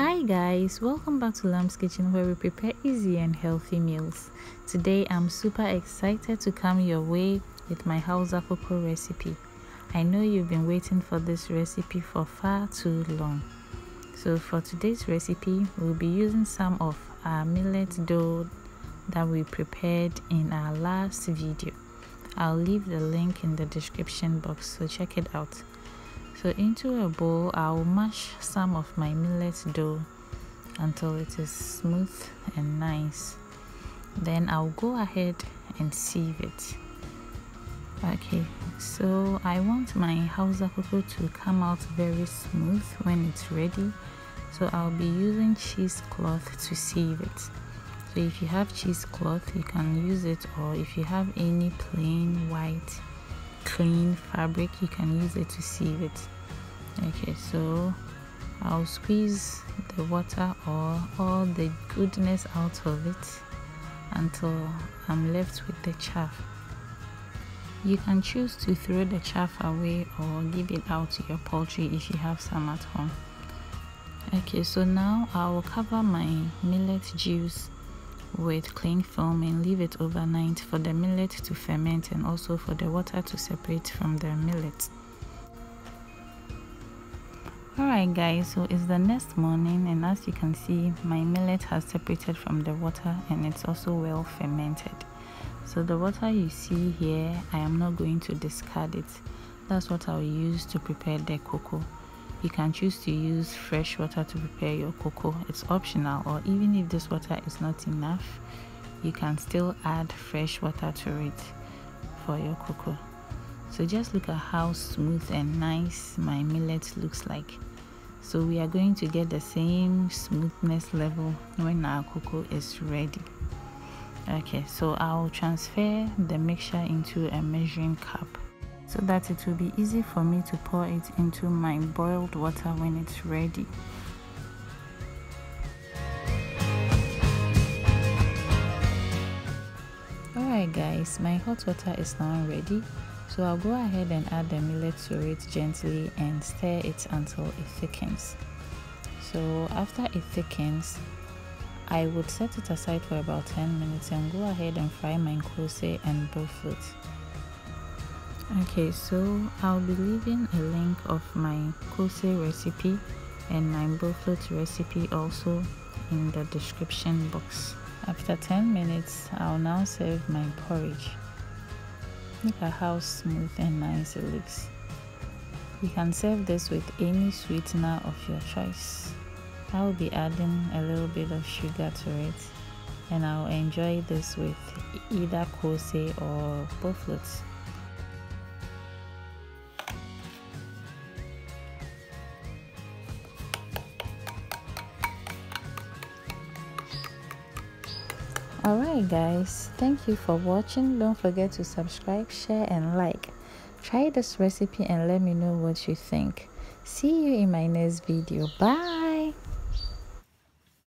Hi guys, welcome back to Lamb's Kitchen where we prepare easy and healthy meals. Today I'm super excited to come your way with my Hausa cocoa recipe. I know you've been waiting for this recipe for far too long. So for today's recipe, we'll be using some of our millet dough that we prepared in our last video. I'll leave the link in the description box so check it out. So into a bowl, I'll mash some of my millet dough until it is smooth and nice. Then I'll go ahead and sieve it. Okay, so I want my Hausa cocoa to come out very smooth when it's ready. So I'll be using cheesecloth to sieve it. So if you have cheesecloth, you can use it or if you have any plain white Clean fabric you can use it to sieve it okay so I'll squeeze the water or all the goodness out of it until I'm left with the chaff you can choose to throw the chaff away or give it out to your poultry if you have some at home okay so now I will cover my millet juice with cling film and leave it overnight for the millet to ferment and also for the water to separate from the millet alright guys so it's the next morning and as you can see my millet has separated from the water and it's also well fermented so the water you see here i am not going to discard it that's what i'll use to prepare the cocoa you can choose to use fresh water to prepare your cocoa. It's optional or even if this water is not enough, you can still add fresh water to it for your cocoa. So just look at how smooth and nice my millet looks like. So we are going to get the same smoothness level when our cocoa is ready. Okay, so I'll transfer the mixture into a measuring cup so that it will be easy for me to pour it into my boiled water when it's ready. Alright guys, my hot water is now ready so I'll go ahead and add the millet to it gently and stir it until it thickens. So after it thickens, I would set it aside for about 10 minutes and go ahead and fry my nkose and bowl okay so I'll be leaving a link of my kose recipe and my buffet recipe also in the description box after 10 minutes I'll now serve my porridge look at how smooth and nice it looks you can serve this with any sweetener of your choice I'll be adding a little bit of sugar to it and I'll enjoy this with either kose or buffets. alright guys thank you for watching don't forget to subscribe share and like try this recipe and let me know what you think see you in my next video bye